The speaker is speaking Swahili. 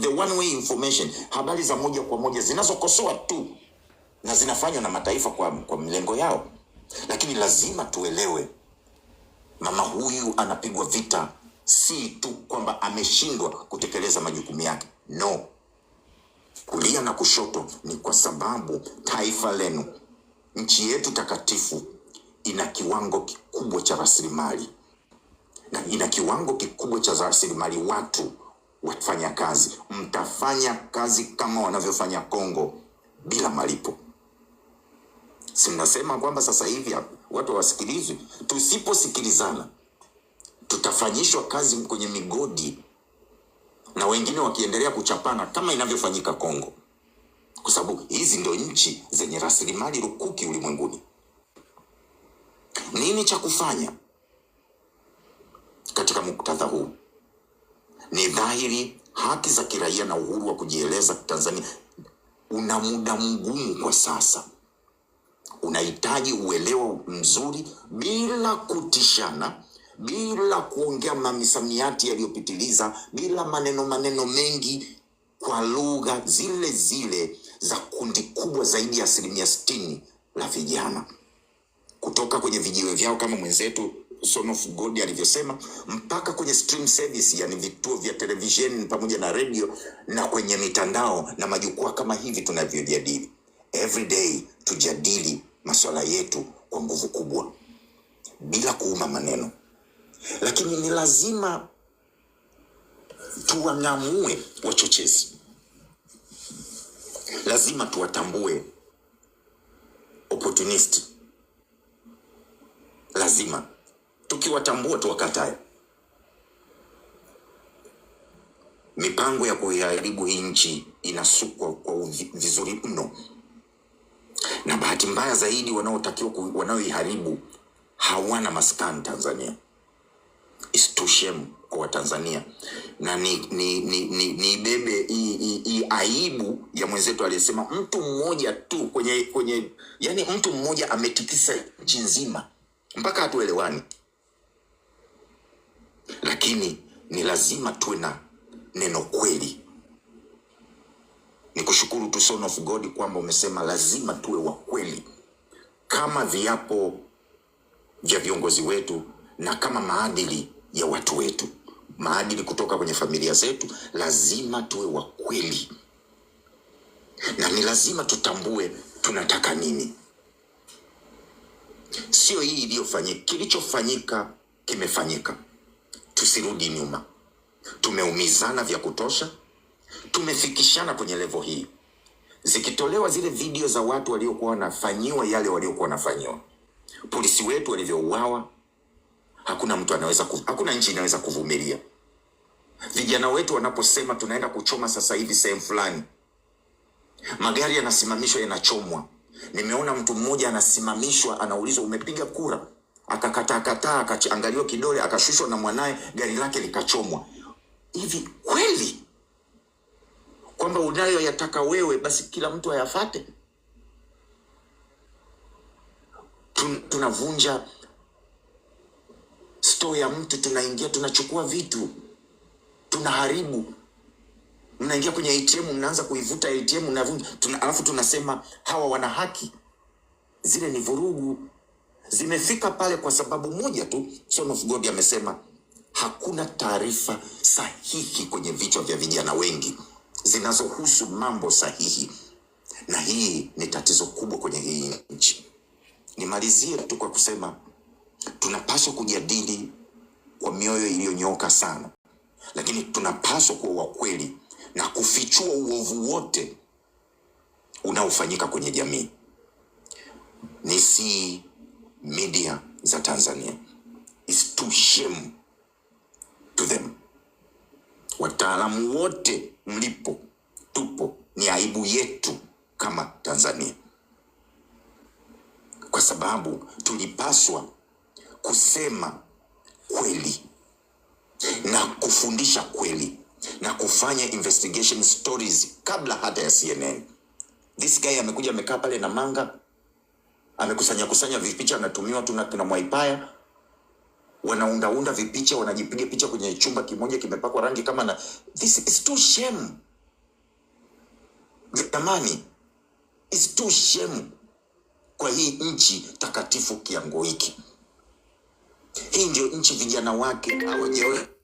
the one way information, habari za moja kwa moja zinazokosoa tu na zinafanywa na mataifa kwa, kwa milengo yao. Lakini lazima tuelewe, mama huyu anapigwa vita, si tu kwamba ameshindwa kutekeleza majukumu yake, no. Kulia na kushoto ni kwa sababu taifa lenu, nchi yetu takatifu, ina kiwango kikubwa cha rasilimali na ina kiwango kikubwa cha rasilimali watu wafanya kazi, mtafanya kazi kama wanavyofanya Kongo bila malipo. Si mnasema kwamba sasa hivi watu hawasikilizwi? Tusiposikilizana tutafanyishwa kazi kwenye migodi na wengine wakiendelea kuchapana kama inavyofanyika Kongo, kwa sababu hizi ndio nchi zenye rasilimali rukuki ulimwenguni. Nini cha kufanya katika muktadha huu? Ni dhahiri haki za kiraia na uhuru wa kujieleza Tanzania una muda mgumu kwa sasa. Unahitaji uelewa mzuri bila kutishana, bila kuongea mamisamiati yaliyopitiliza, bila maneno maneno mengi, kwa lugha zile zile za kundi kubwa zaidi ya asilimia sitini la vijana kutoka kwenye vijiwe vyao kama mwenzetu Son of God alivyosema, mpaka kwenye stream service, yani vituo vya televisheni pamoja na redio na kwenye mitandao na majukwaa kama hivi tunavyojadili day, Tujadili masuala yetu kwa nguvu kubwa bila kuuma maneno, lakini ni lazima tuwang'amue wachochezi, lazima tuwatambue opportunist, lazima tu wakatae Mipango ya kuiharibu hii nchi inasukwa kwa vizuri mno, na bahati mbaya zaidi wanaotakiwa wanaoiharibu hawana maskani Tanzania. istushem kwa Watanzania na ni, ni, ni, ni, ni bebe hii aibu ya mwenzetu aliyesema mtu mmoja tu kwenye, kwenye yani mtu mmoja ametikisa nchi nzima mpaka hatuelewani lakini ni lazima tuwe na neno kweli. Ni kushukuru tu Son of God kwamba umesema lazima tuwe wa kweli kama viapo vya viongozi wetu na kama maadili ya watu wetu, maadili kutoka kwenye familia zetu, lazima tuwe wa kweli na ni lazima tutambue tunataka nini. Sio hii iliyofanyika, kilichofanyika kimefanyika tusirudi nyuma. Tumeumizana vya kutosha, tumefikishana kwenye levo hii. Zikitolewa zile video za watu waliokuwa wanafanyiwa yale waliokuwa wanafanyiwa, polisi wetu walivyouawa, hakuna mtu anaweza kuf... hakuna nchi inaweza kuvumilia. Vijana wetu wanaposema tunaenda kuchoma sasa hivi sehemu fulani, magari yanasimamishwa, yanachomwa. Nimeona mtu mmoja anasimamishwa, anaulizwa umepiga kura? akakataa kataa, akaangaliwa kidole, akashushwa na mwanaye, gari lake likachomwa. Hivi kweli kwamba unayoyataka wewe basi kila mtu ayafate? Tun, tunavunja stoo ya mtu, tunaingia tunachukua vitu, tunaharibu. Mnaingia kwenye ATM mnaanza kuivuta ATM, mnavunja, alafu tunasema hawa wana haki. Zile ni vurugu zimefika pale kwa sababu moja tu, Son of God amesema hakuna taarifa sahihi kwenye vichwa vya vijana wengi zinazohusu mambo sahihi, na hii ni tatizo kubwa kwenye hii nchi. Nimalizie tu kwa kusema tunapaswa kujadili kwa mioyo iliyonyoka sana, lakini tunapaswa kuwa wakweli na kufichua uovu wote unaofanyika kwenye jamii. Nisi media za Tanzania. is to shame to them. Wataalamu wote mlipo, tupo, ni aibu yetu kama Tanzania, kwa sababu tulipaswa kusema kweli na kufundisha kweli na kufanya investigation stories kabla hata ya CNN. This guy amekuja amekaa pale na manga amekusanya kusanya vipicha, anatumiwa tu na Mwaipaya, wanaundaunda vipicha, wanajipiga picha kwenye chumba kimoja kimepakwa rangi kama na. This is too shame jamani, is too shame kwa hii nchi takatifu kiango hiki. Hii ndio nchi vijana wake hawajawe